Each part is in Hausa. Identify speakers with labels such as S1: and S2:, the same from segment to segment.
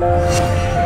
S1: Música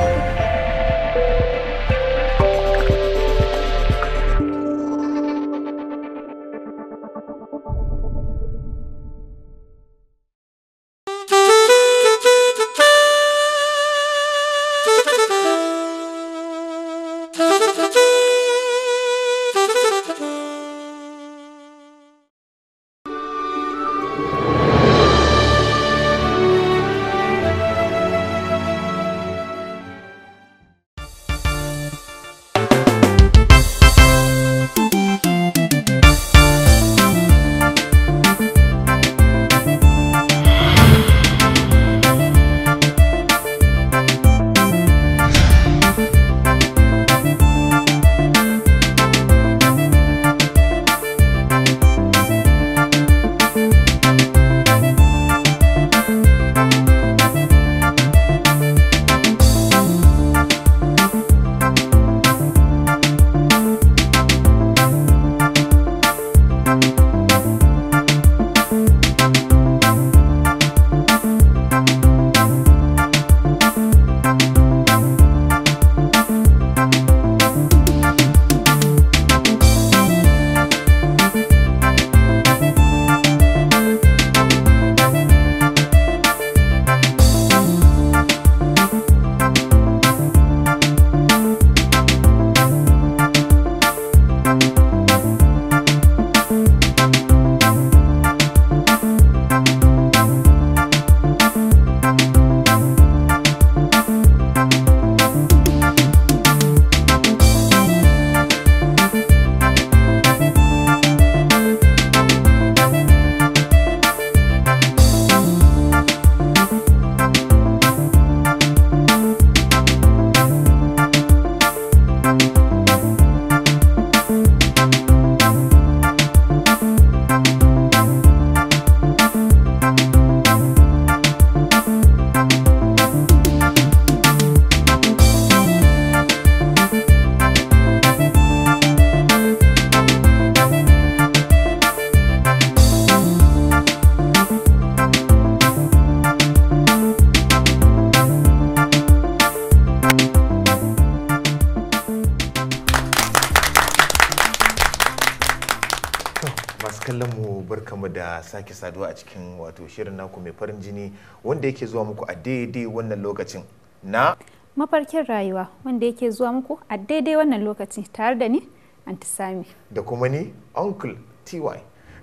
S2: masu kallon mu barka mu da sake saduwa a cikin wato shirin naku mai farin jini wanda yake zuwa muku a daidai wannan lokacin na
S3: mafarkin rayuwa wanda yake zuwa muku a daidai wannan lokaci tare da ni antisami
S2: da kuma ni uncle ty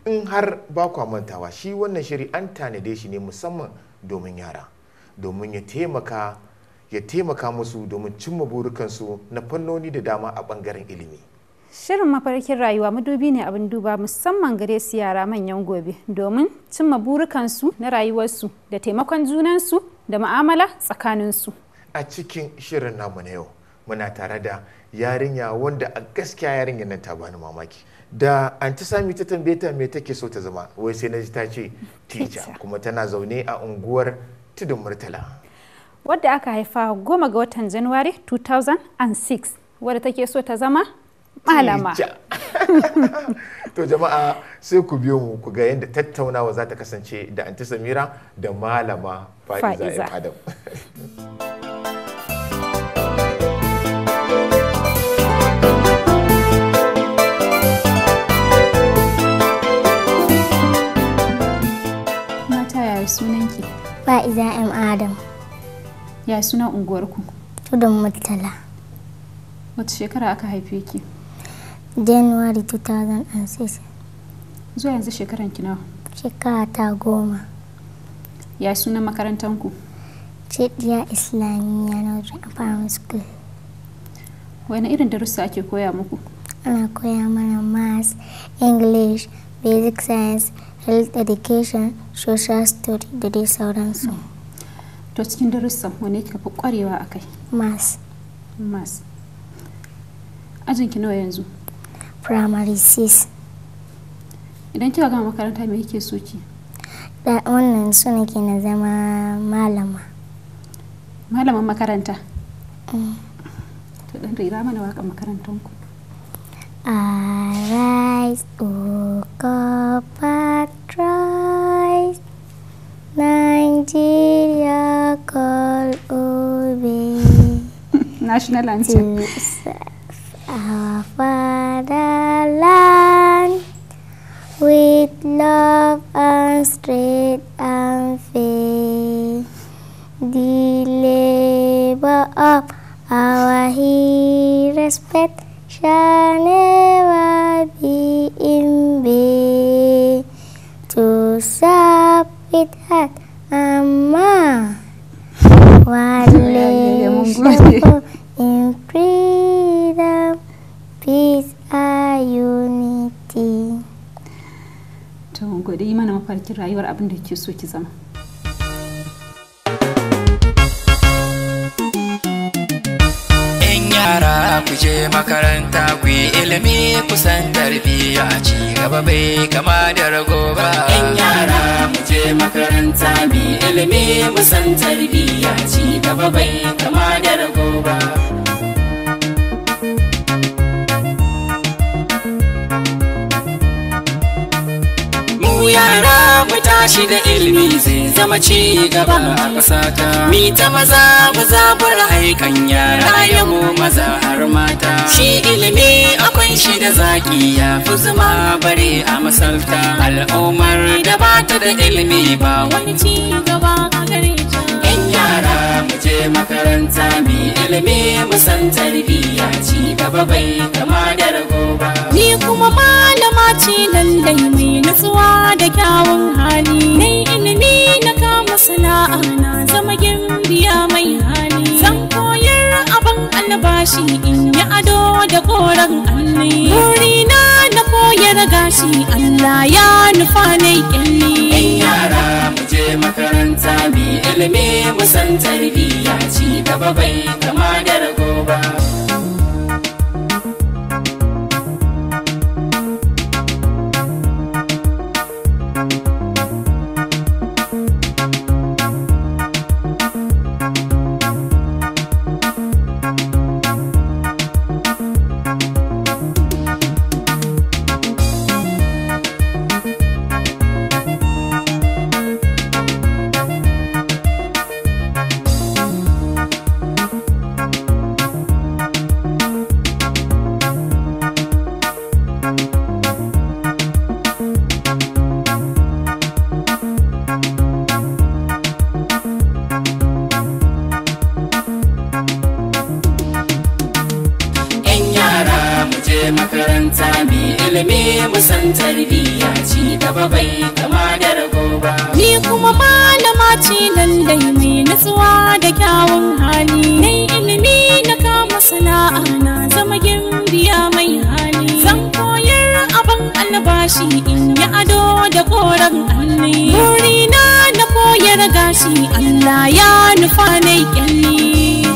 S2: in har ba kwa mantawa shi wannan shiri an tanade shi ne musamman domin yara domin ya taimaka ya taimaka musu domin cimma burukansu na fannoni da dama a bangaren ilimi
S3: Shirin mafarkin rayuwa madubi ne abin duba musamman gare su yara manyan gobe domin cimma burukansu na rayuwarsu da taimakon junansu da ma'amala
S2: tsakaninsu. A cikin shirin namu na yau muna tare da yarinya wanda a gaskiya yarinya nan ta bani mamaki. Da an ta sami ta tambaye ta me take so ta zama wai sai na ji ta ce tija kuma tana zaune a unguwar tudun murtala.
S3: Wadda aka haifa goma ga watan Januwari 2006 wadda take so ta zama malama
S2: to jama'a sai ku biyo mu ku ga yadda tattaunawa za ta kasance da anti samira da malama fa'iza adam
S4: mata sunanki fa'iza m adam ya suna unguwarku tudun murtala wata shekara aka haife ki january 2006
S3: zuwa yanzu shekaran ki nawa shekara ta goma ya sunan ku cediya islamiyya na primary school wani irin darussa ake koya
S4: muku ana koya mana maths english basic science health education social study da dai sauransu to cikin darussan
S3: wani kika fi kwarewa kai. maths maths ajinki nawa yanzu primary 6 idan kika gama makaranta me yake
S4: so ki da wannan so nake na zama malama malaman makaranta mm.
S3: to dan rera mana waƙar makarantanku
S4: Arise, O God, Nigeria, call National anthem. our fatherland with love and strength
S3: ki rayuwar abin da ke so ki zama
S5: In yara ku je makaranta ku yi ilimi kusan tarbiyya ci gaba bai kama da rago ba In yara ku je makaranta mu yi ilimi musan tarbiyya ci gaba bai kama da rago ba Yeah. yara mafita shi da ilimi zai zama ci gaba a ƙasata. Mi ta maza ba zabura aikan yara ya mu maza har mata. Shi ilimi akwai shi da zaki ya fi zuma bare a masalta. Al'ummar da ba ta da ilimi ba wani ci gaba a gare ta. yara mu je makaranta mi ilimi mu san tarbiyya. ya ci gaba bai kama da rago ni kuma malama ce lallai mai nutsuwa da kyawun
S6: hali nai ilimi na kama sana'a na zama gimbiya mai hali zan koyar abin albashi in yi ado da koren alli burina na koyar gashi allah ya nufa na
S5: kyalli yara mu je makaranta mi ilimi mu san tarbiyya ci gaba bai kama da rago makaranta mi ilimi musan tarbiyya ci gaba bai kama da rago ba.
S6: Ni kuma malama ce lallai mai natsuwa da kyawun hali. Nai ilimi na kama sana'a na zama gimbiya mai hali. Zan koyar abin albashi in yi ado da koren alli. Burina na koyar gashi Allah ya nufa na kyalli.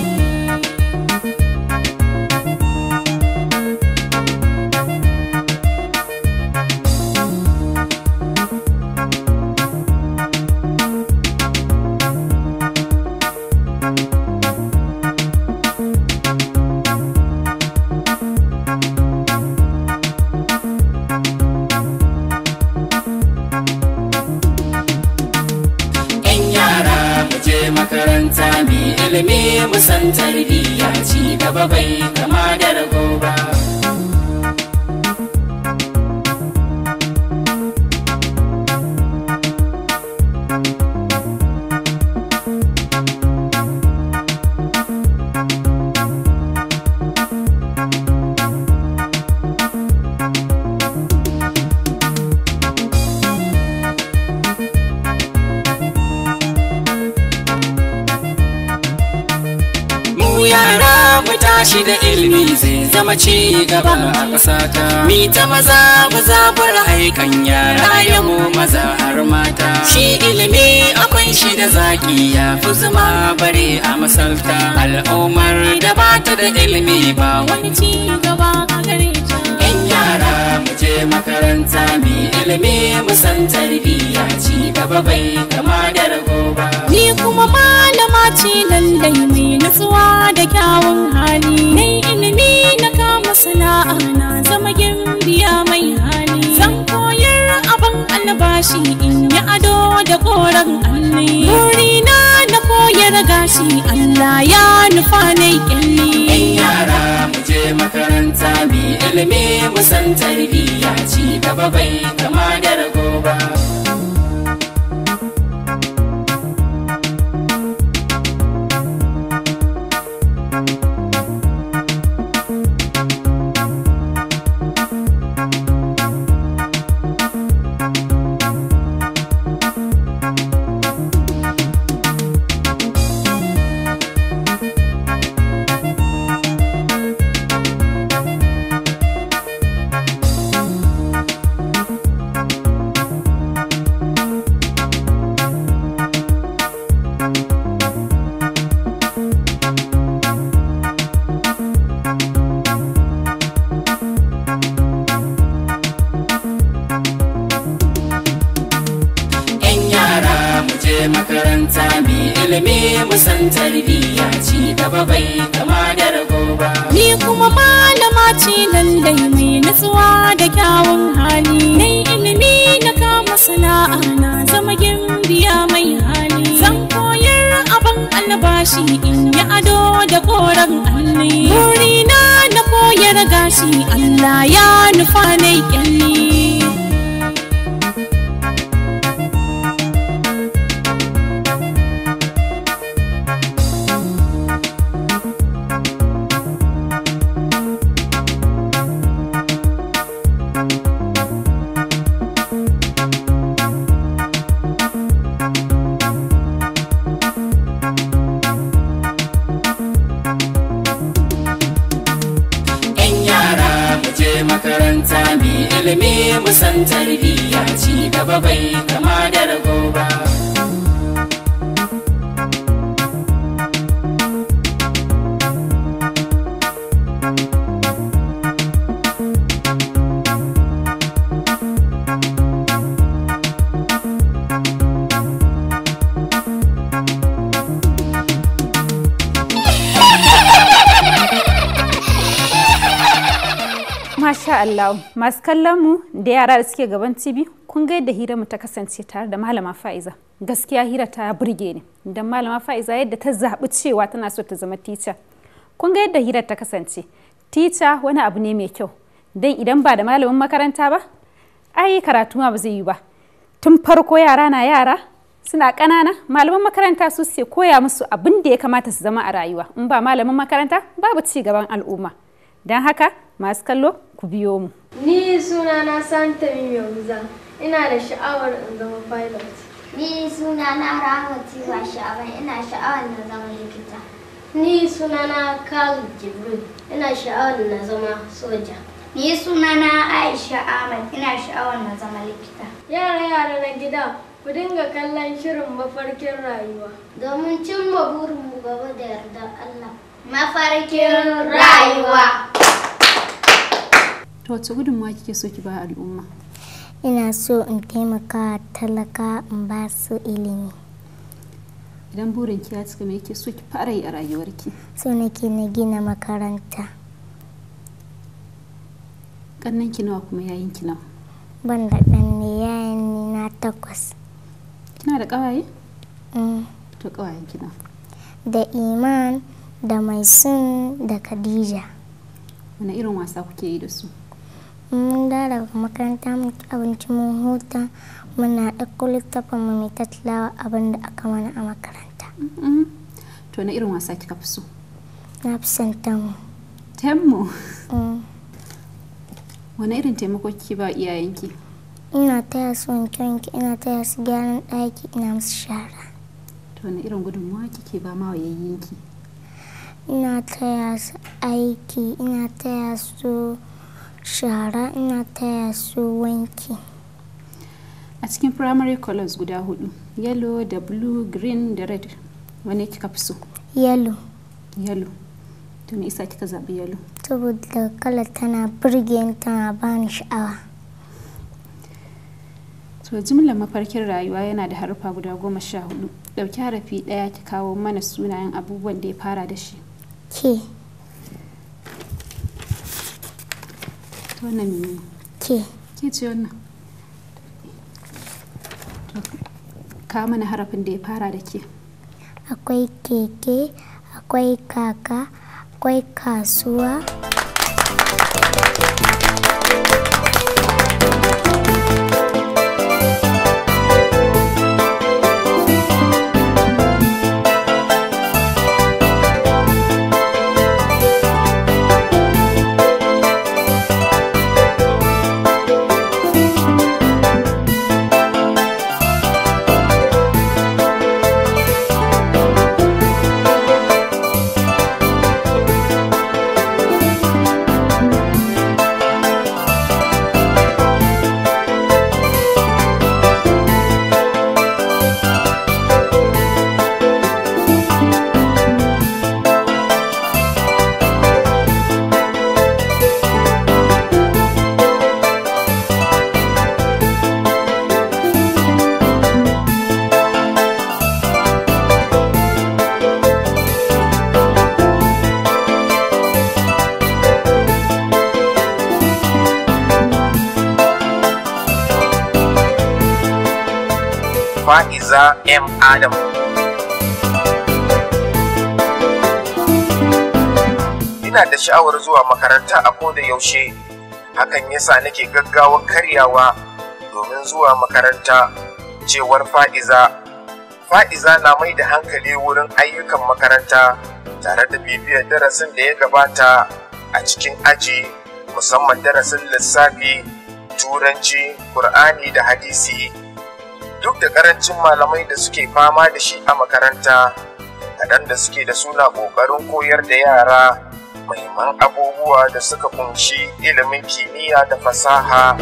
S5: makaranta mai ilimi musan tarbiyya ci gaba bai kama da rago they ilimi zai zama ci gaba a ƙasata. Mi ta maza ba za bar haikan yara ya mu maza har mata. Shi ilimi akwai shi da zaki ya fi zuma bare a masalta. Al'ummar da ba ta da ilimi ba wani
S6: ci gaba a gare ta.
S5: yara mu je makaranta mi ilimi mu san tarbiyya ci gaba bai kama da rago ba. Ni kuma malama ce lallai
S6: mai nutsuwa da kyawun hali. Nai ilimi na kama sana'a na zama gimbiya mai hali zan koyar abin albashi in yi ado da koren alli burina na koyar gashi Allah
S5: ya nufa na kyalli yan yara mu je makaranta bi ilimi mu san tarbiyya ci gaba bai kama da ragoba
S6: ni in yi ado da koren alli burina na koyar gashi Allah ya nufa na ni.
S5: tarbiyya ci gaba bai ka
S3: Allah masu kallon mu da yara da suke gaban TV kun ga yadda hira mu ta kasance tare da malama Fa'iza gaskiya hira ta burge ni don malama Fa'iza yadda ta zaɓi cewa tana so ta zama tica kun ga yadda hira ta kasance tica wani abu ne mai kyau don idan ba da malamin makaranta ba ai karatu ma ba zai yi ba tun farko yara na yara suna ƙanana malaman makaranta su suke koya musu abin da ya kamata su zama a rayuwa in ba malamin makaranta babu ci gaban al'umma don haka masu kallo ku biyo mu
S7: ni suna na santa mimiyoza ina da sha'awar in zama pilot ni suna na rahama tiwa sha'awar ina sha'awar na zama likita ni suna na kalu jibril ina sha'awar na zama soja ni suna na aisha ahmad ina sha'awar na zama likita yara yara na gida ku dinga kallon shirin mafarkin rayuwa domin cimma burinmu gaba da yarda allah mafarkin rayuwa
S3: to gudunmawa kike so ki ba al'umma
S4: ina so in taimaka talaka in ba su ilimi
S3: idan burin ki ya cika me yake so ki fara yi a
S4: rayuwarki so nake na gina makaranta kannan ki nawa kuma yayin ki nawa ban da dan ne yayin ni na takwas kina da kawaye mm. to kawayen ki nawa da iman da mai sun da khadija
S3: wani irin wasa kuke yi da su
S4: mun da makaranta mun ci abinci mun huta muna ɗauko littafin mu mai ta tilawa abin da aka mana a makaranta. Mm-hmm. To na irin wasa
S3: kika fi so? Na fi son tamu. Tamu? Mm. Wani irin taimako kike ba iyayenki?
S4: Ina taya su wanke wanke ina taya su gyaran ɗaki ina musu shara.
S3: To wani irin gudunmawa kike ba ma yayyinki?
S4: Ina taya su aiki ina taya su
S3: shara ina taya su wanki a cikin primary colors guda hudu yellow da blue green da red wani kika fi so yellow yellow to me isa kika zaɓi yellow
S4: saboda kala tana birge
S3: tana bani sha'awa to jimlar mafarkin rayuwa yana da harufa guda goma sha hudu ɗauki harafi ɗaya ki kawo mana sunayen abubuwan da ya fara da shi ke ka mana harafin da ya fara da akwai keke
S4: akwai kaka akwai kasuwa
S8: Murtaza M. Adam. Ina da sha'awar zuwa makaranta a koda yaushe, hakan yasa nake gaggawar karyawa domin zuwa makaranta cewar fa'iza. Fa'iza na mai da hankali wurin ayyukan makaranta tare da bibiyar darasin da ya gabata a cikin aji musamman darasin lissafi, turanci, Kur'ani da hadisi. duk da karancin malamai da suke fama da shi a makaranta kaɗan da suke da suna ƙoƙarin koyar da yara muhimman abubuwa da suka kunshi ilimin kimiyya da fasaha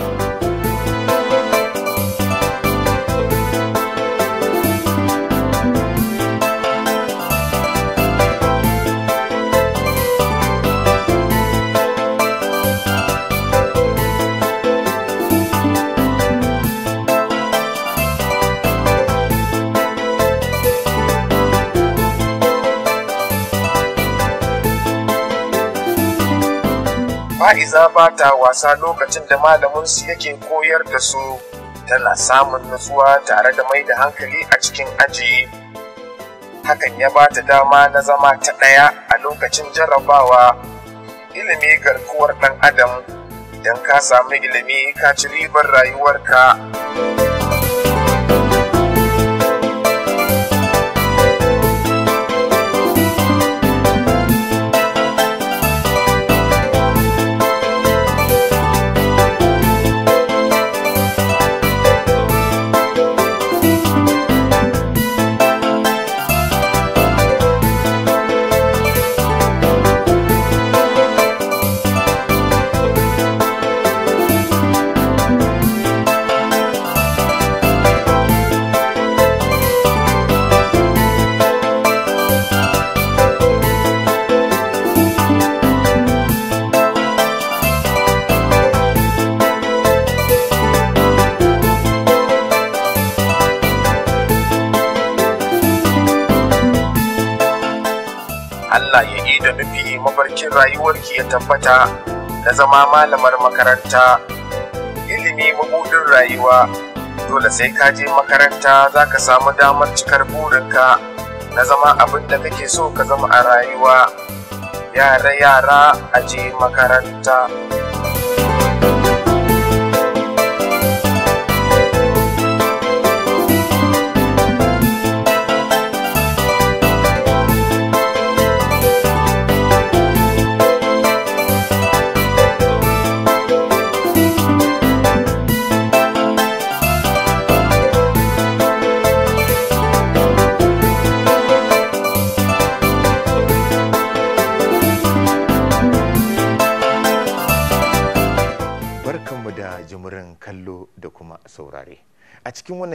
S8: fa'iza ba ta wasa lokacin da malaminsu yake koyar da su tana samun nutsuwa tare da mai da hankali a cikin aji hakan ya ba ta dama na zama ta ɗaya a lokacin jarrabawa ilimi garkuwar ɗan adam idan ka sami ilimi ka ci ribar rayuwarka. rayuwarki ya tabbata na zama malamar makaranta ilimi mabuɗin rayuwa dole sai ka je makaranta za ka samu damar cikar burinka na zama abin da kake so ka zama a rayuwa yara yara a je makaranta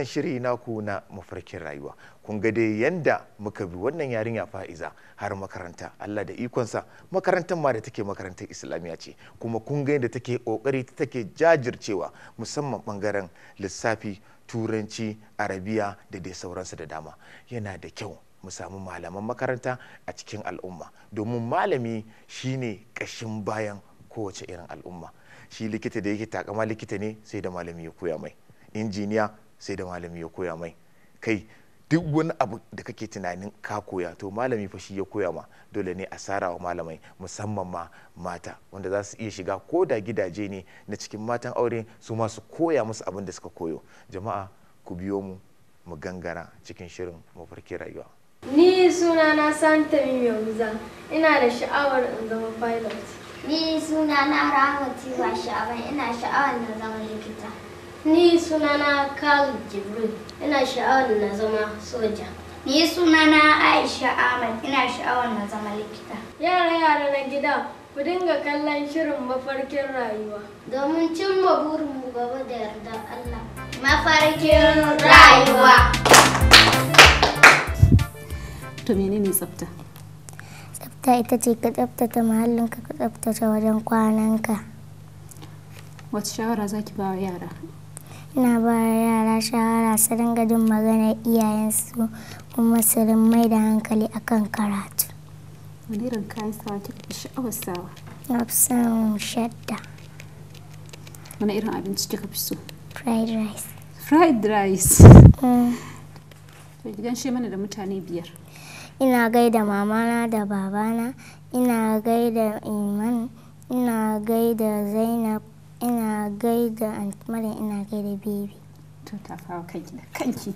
S2: shiri naku na mafarkin rayuwa kun ga dai yanda muka bi wannan yarinya fa'iza har makaranta Allah da ikonsa makarantar ma da take makarantar islamiyya ce kuma kun ga yadda take kokari ta take jajircewa musamman bangaren lissafi turanci arabiya da dai sauransu da dama yana da kyau mu samu malaman makaranta a cikin al'umma domin malami shine kashin bayan kowace irin al'umma shi likita da yake takama likita ne sai da malami ya koya mai injiniya sai da malami ya koya mai kai duk wani abu da kake tunanin ka koya to malami fa shi ya koya ma dole ne a sara wa malamai musamman ma mata wanda za su iya shiga ko da gidaje ne na cikin matan aure su ma su koya musu abin da suka koyo jama'a ku biyo mu mu gangara cikin shirin mafarki rayuwa
S7: ni suna na santa mimiyoza ina da sha'awar in zama pilot ni suna na rahama tiwa sha'awar ina sha'awar na zama likita Ni sunana Kalu Jibril, ina sha'awar na zama soja. Ni sunana Aisha Ahmad, ina sha'awar na zama likita. Yara yara na gida, ku dinga kallon shirin mafarkin rayuwa. Domin cimma burinmu gaba da yarda Allah. Mafarkin rayuwa.
S3: To menene tsafta?
S4: Tsafta ita ce ka tsaftace muhallinka ka tsaftace wajen kwananka.
S3: Wace shawara za ki ba wa yara?
S4: ina ba yara shawara su dinga jin maganar iyayensu kuma su mai da hankali akan karatu
S3: wani irin kayan sawa kika fi sha'awar sawa na
S4: fi son
S3: shadda wani irin abinci kika fi so fried rice fried rice mm. to gidan shi mana da mutane biyar
S4: ina gaida mamana da babana ina gaida iman ina gaida zainab Ina gaida Aunt ina gaida baby. To ta fawo kanki da kanki.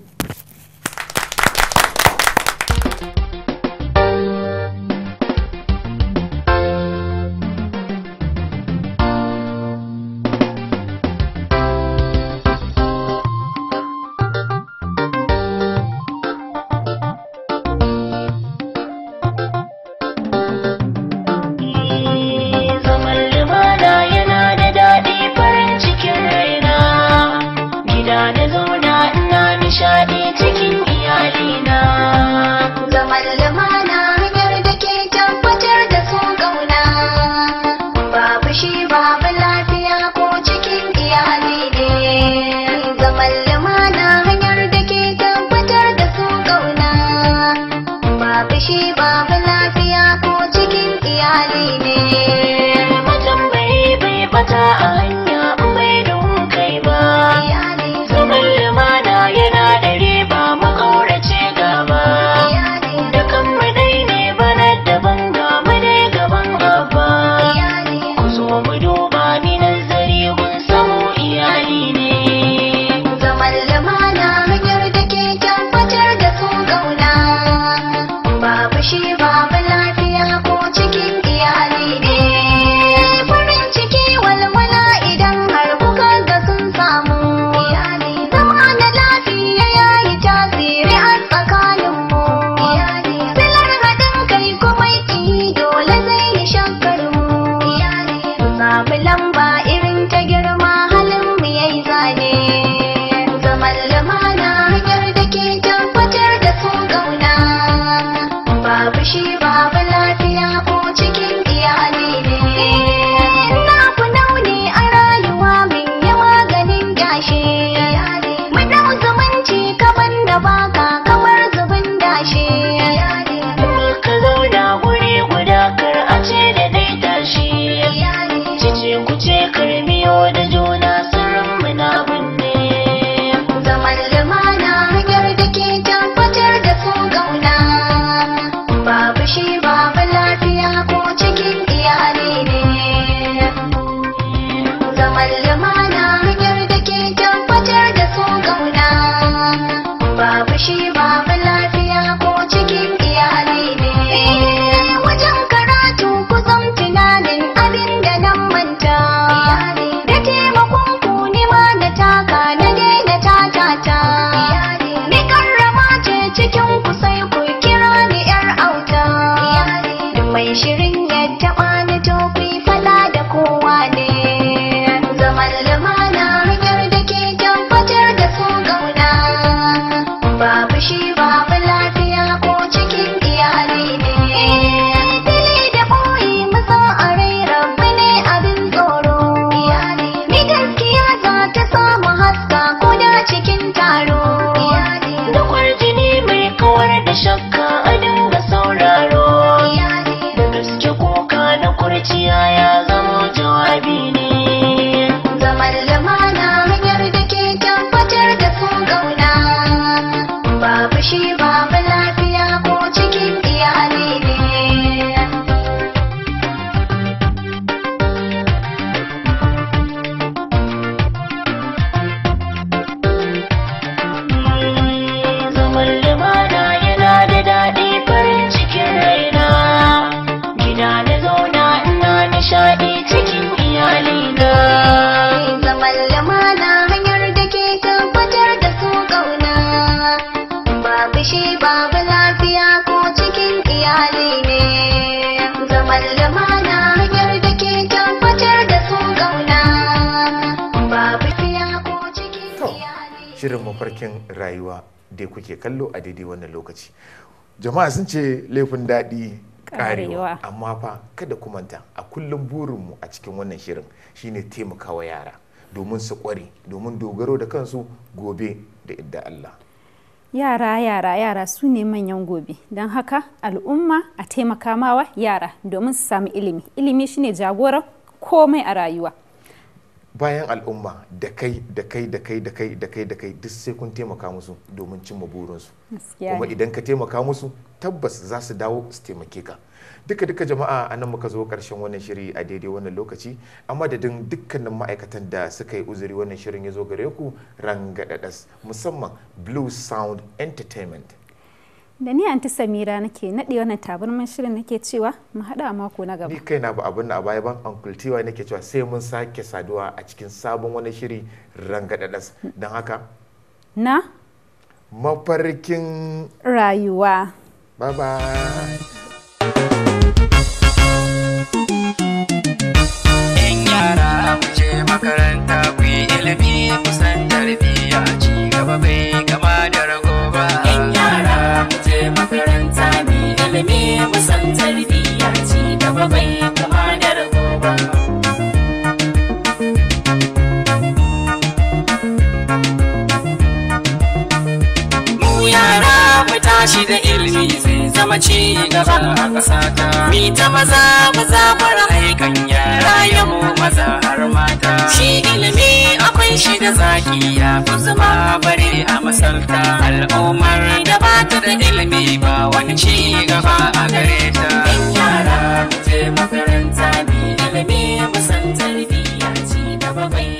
S2: mafarkin rayuwa dai kuke kallo a daidai wannan lokaci jama'a sun ce laifin daɗi karewa amma fa kada kumanta a kullum burinmu a cikin wannan shirin shine taimakawa yara domin su kware domin dogaro da kansu gobe da idda Allah
S3: yara yara yara su ne manyan gobe don haka al'umma a taimaka mawa yara domin su samu ilimi ilimi shine jagorar komai a rayuwa
S2: bayan al'umma da kai da kai da kai da kai da kai da kai duk sai kun taimaka musu domin cimma burinsu kuma idan ka taimaka musu tabbas za su dawo su taimake ka duka duka jama'a anan muka zo karshen wannan shiri a daidai wannan lokaci a madadin dukkanin ma'aikatan da suka yi uzuri wannan shirin ya zo gare ku rangadadas musamman blue sound entertainment
S3: da ni anti samira nake naɗe wannan tabarman shirin nake cewa mu haɗa a mako na gaba ni
S2: kaina ba abin na baya ban uncle tiwa nake cewa sai mun sake saduwa a cikin sabon wani shiri rangadadas don haka na mafarkin
S3: rayuwa bye bye yara
S5: makaranta ne musan tarbiyya ci gaba bai kama da ragowa. Mu yara mu tashi da ilimi ta ci gaba a ƙasa mita Mi ta maza maza mara aikan yara ya mu maza har mata. Shi ilimi akwai shi da zaki ya fi zuma bare a masalta. Al'ummar da ba ta da ilimi ba wani ci gaba a gare ta. In yara ku je makaranta bi ilimi musan tarbiyya ci gaba bai